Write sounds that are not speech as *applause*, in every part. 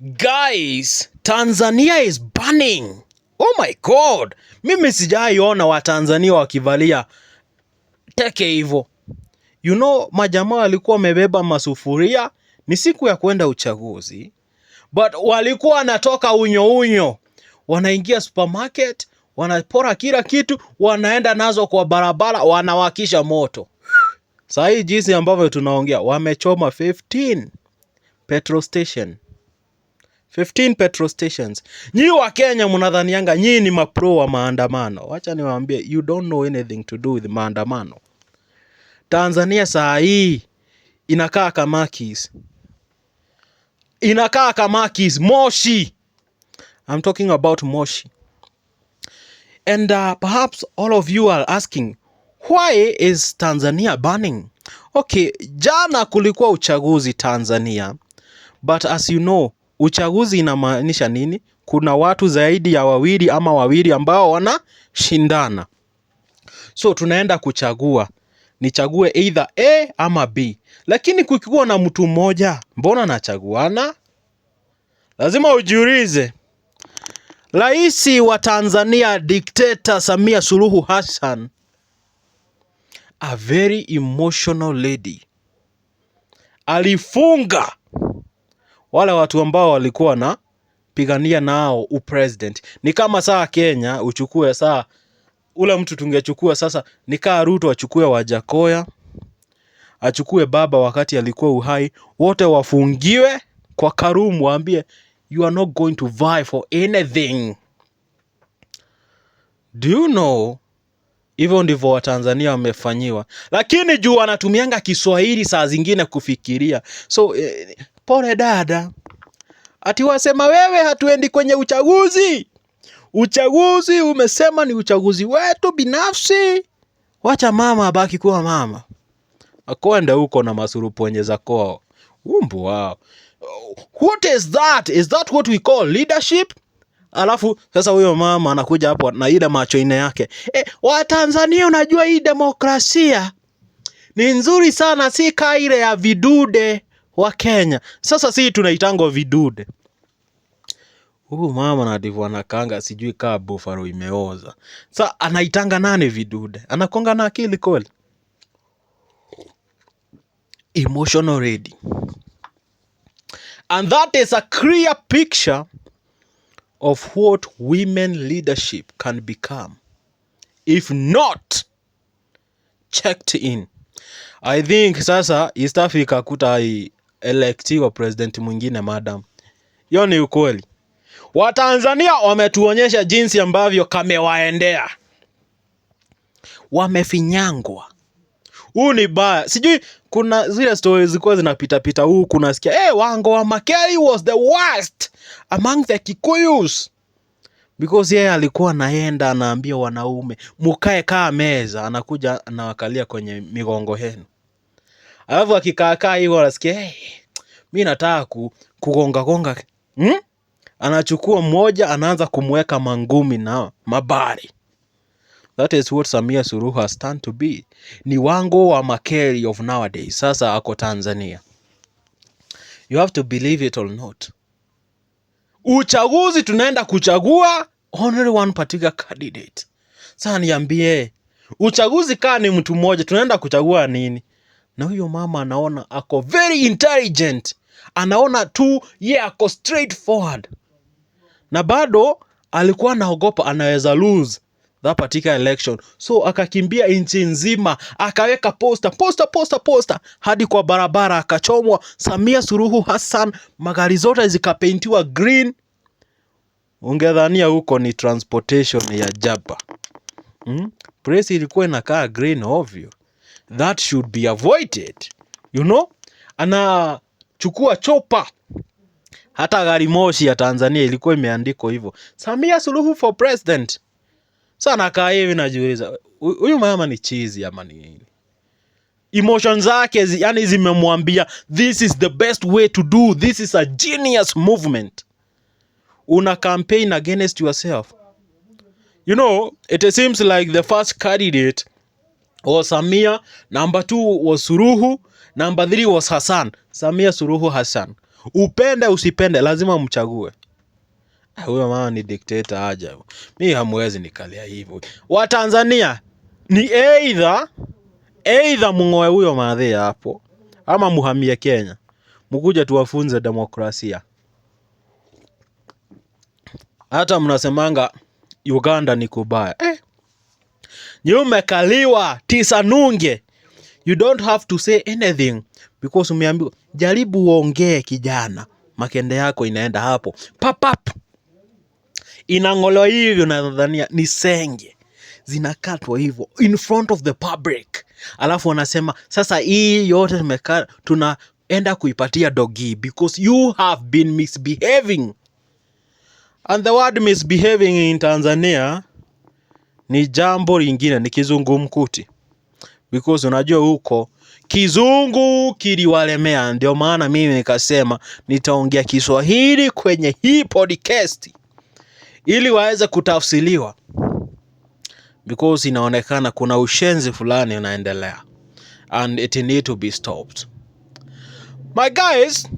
Guys, Tanzania is burning. Oh my god, mimi sijaiona Watanzania wakivalia teke hivyo. You know, majamaa walikuwa wamebeba masufuria, ni siku ya kwenda uchaguzi, but walikuwa wanatoka unyo unyo, wanaingia supermarket, wanapora kila kitu, wanaenda nazo kwa barabara, wanawakisha moto. Saa hii jinsi ambavyo tunaongea, wamechoma 15 petrol station. 15 petrol stations. Nyi wa Kenya mnadhanianga nyi ni mapro wa maandamano. Wacha niwaambie, you don't know anything to do with maandamano. Tanzania saa hii inakaa kamakis, inakaa kamakis Moshi. I'm talking about Moshi. And uh, perhaps all of you are asking why is Tanzania burning? Okay, jana kulikuwa uchaguzi Tanzania, but as you know Uchaguzi inamaanisha nini? Kuna watu zaidi ya wawili ama wawili ambao wanashindana. So tunaenda kuchagua. Nichague either A ama B. Lakini kukiwa na mtu mmoja, mbona nachaguana? Lazima ujiulize. Raisi wa Tanzania dikteta Samia Suluhu Hassan, a very emotional lady, alifunga wale watu ambao walikuwa na pigania nao upresident. Ni kama saa Kenya uchukue saa ule mtu tungechukua sasa, nikaa Ruto achukue Wajakoya, achukue baba wakati alikuwa uhai, wote wafungiwe kwa Karumu, waambie you are not going to vie for anything. Do you know? Hivyo ndivyo Watanzania wamefanyiwa, lakini juu wanatumianga Kiswahili saa zingine kufikiria so eh, pole dada. Ati wasema wewe hatuendi kwenye uchaguzi. Uchaguzi umesema ni uchaguzi wetu binafsi. Wacha mama abaki kuwa mama. Akwenda huko na masuruponye za kwao. Umbu wao. What is that? Is that what we call leadership? Alafu sasa huyo mama anakuja hapo na ile macho ine yake. E, eh, Watanzania unajua hii demokrasia ni nzuri sana, si kaa ile ya vidude wa Kenya. Sasa sisi tunaitango vidude. Huyu mama na divu anakanga sijui kaa buffalo imeoza. Sa anaitanga nane vidude. Anakonga na akili kweli. Emotional ready. And that is a clear picture of what women leadership can become if not checked in. I think sasa East Africa kutai elektiwa president mwingine madam. Hiyo ni ukweli. Watanzania wametuonyesha jinsi ambavyo kamewaendea, wamefinyangwa. Huu ni baya. Sijui kuna zile stories zilikuwa zinapitapita huu kunasikia hey, eh, Wango wa Makeri was the worst among the Kikuyus because yeye alikuwa anaenda anaambia wanaume mukae kaa meza, anakuja anawakalia kwenye migongo yenu. Alafu akikaakaa hivyo anasikia hey, mimi nataka ku, kugonga gonga hmm? Anachukua mmoja anaanza kumweka mangumi na mabari. That is what Samia Suluhu has turned to be. Ni wango wa Makeri of nowadays. Sasa ako Tanzania. You have to believe it or not. Uchaguzi tunaenda kuchagua only one particular candidate. Sasa niambie, uchaguzi kaa ni mtu mmoja tunaenda kuchagua nini? na huyo mama anaona ako very intelligent, anaona tu ye yeah, ako forward, na bado alikuwa anaogopa anaweza lose that particular election, so akakimbia nchi nzima, akaweka posta posta posta posta hadi kwa barabara, akachomwa Samia Suluhu Hassan, magari zote zikapeintiwa green. Ungedhania huko ni transportation ya jaba. Hmm? Press ilikuwa inakaa green ovyo that should be avoided you know anachukua chopa hata gari moshi ya Tanzania ilikuwa imeandikwa hivyo, Samia Suluhu for president. Sasa nakaa hivi najiuliza, huyu mama ni chizi ama ni nini? emotions zake yani zimemwambia this is the best way to do this is a genius movement. Una campaign against yourself, you know it seems like the first candidate was Samia. namba 2 was suruhu namba 3 was Hassan. Samia suruhu Hassan. Upende usipende lazima mchague. Ah, huyo mama ni dictator aja. mi hamwezi nikalia hivyo. Watanzania ni either either mng'oe huyo madhe hapo ama muhamie Kenya. Mkuja tuwafunze demokrasia. Hata mnasemanga Uganda ni kubaya. Eh, nyumekaliwa tisanunge tisa nunge. You don't have to say anything because umeambiwa. Jaribu uongee kijana, makende yako inaenda hapo papap, inang'olewa hivyo, nadhania ni senge zinakatwa hivyo in front of the public, alafu wanasema sasa hii yote tumekaa tunaenda kuipatia dogi because you have been misbehaving and the word misbehaving in Tanzania ni jambo lingine, ni kizungumkuti because unajua huko kizungu kiliwalemea, ndio maana mimi nikasema nitaongea Kiswahili kwenye hii podcast ili waweze kutafsiriwa, because inaonekana kuna ushenzi fulani unaendelea and it need to be stopped. My guys,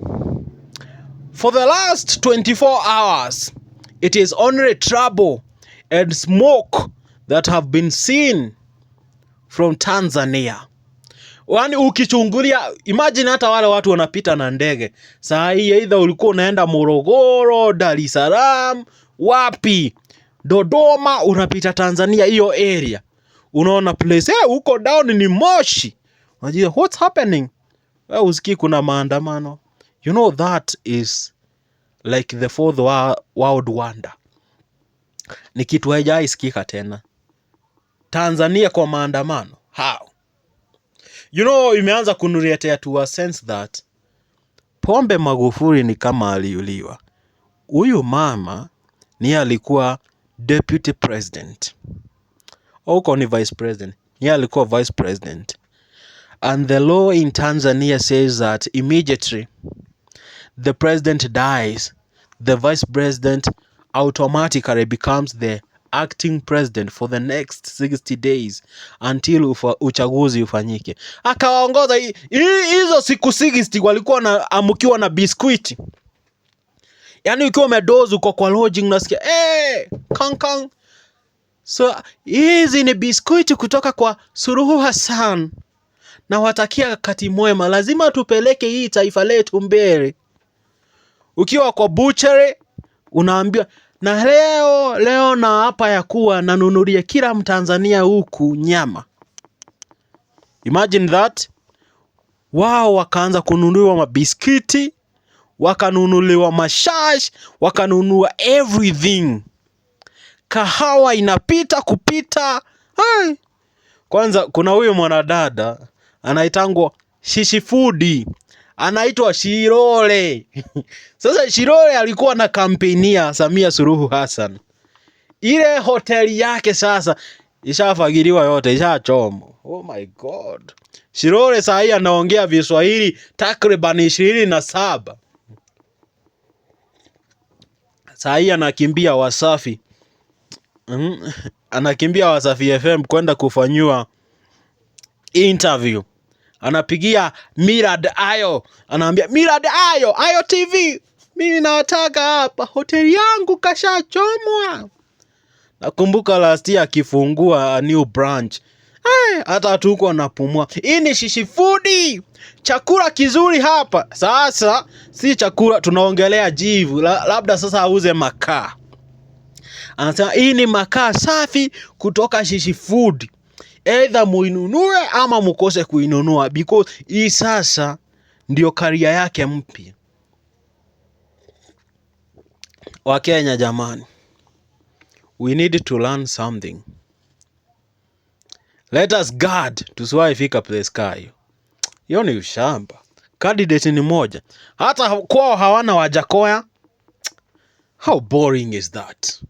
for the last 24 hours it is only trouble and smoke that have been seen from Tanzania. Yaani ukichungulia, imagine hata wale watu wanapita na ndege saa hii, aidha ulikuwa unaenda Morogoro, Dar es Salaam, wapi, Dodoma, unapita Tanzania hiyo area, unaona place eh, uko down ni moshi, unajua what's happening. Wewe usikii kuna maandamano, you know that is like the fourth world wonder, ni kitu haijawahi sikika tena. Tanzania kwa maandamano how? You know, imeanza kunuretea to a sense that Pombe Magufuli ni kama aliuliwa. Huyu mama ni alikuwa deputy president, huko ni vice president, ni alikuwa vice president and the law in Tanzania says that immediately the president dies the vice president automatically becomes the acting president for the next 60 days until ufa, uchaguzi ufanyike. Akawaongoza hizo siku 60, walikuwa na amukiwa na biskuiti. yani ukiwa umedozi uko kwa lodging unasikia eh, kang kang. So hizi ni biskuiti kutoka kwa Suluhu Hassan. Na watakia kati mwema, lazima tupeleke hii taifa letu mbele. Ukiwa kwa butchery unaambiwa na leo leo hapa ya kuwa nanunulia kila Mtanzania huku nyama. Imagine that wao wakaanza kununuliwa mabiskiti, wakanunuliwa mashash, wakanunua everything. Kahawa inapita kupita. Hai. Kwanza kuna huyo mwanadada anaitangwa Shishifudi anaitwa Shirole. *laughs* Sasa Shirole alikuwa na ya Samia Suluhu Hassan, ile hoteli yake sasa ishafagiliwa yote, ishachomo. Oh my God, Shirole saa hii anaongea Viswahili takriban ishirini na saba. Saa hii anakimbia Wasafi hmm? *laughs* anakimbia Wasafi FM kwenda kufanyiwa interview anapigia Mirad Ayo, anaambia Mirad Ayo, Ayo TV, mimi nawataka hapa, hoteli yangu kashachomwa. Nakumbuka last year akifungua new branch eh, hata hatuko anapumua. Hii ni shishi Food, chakula kizuri hapa. Sasa si chakula tunaongelea jivu la, labda sasa auze makaa. Anasema hii ni makaa safi kutoka shishi Food either muinunue ama mukose kuinunua because hii sasa ndio karia yake mpya. Wakenya jamani, we need to learn something. Let us guard tusiwaifika place kayo. Hiyo ni ushamba. Candidate ni moja, hata kwao hawana Wajakoya. How boring is that?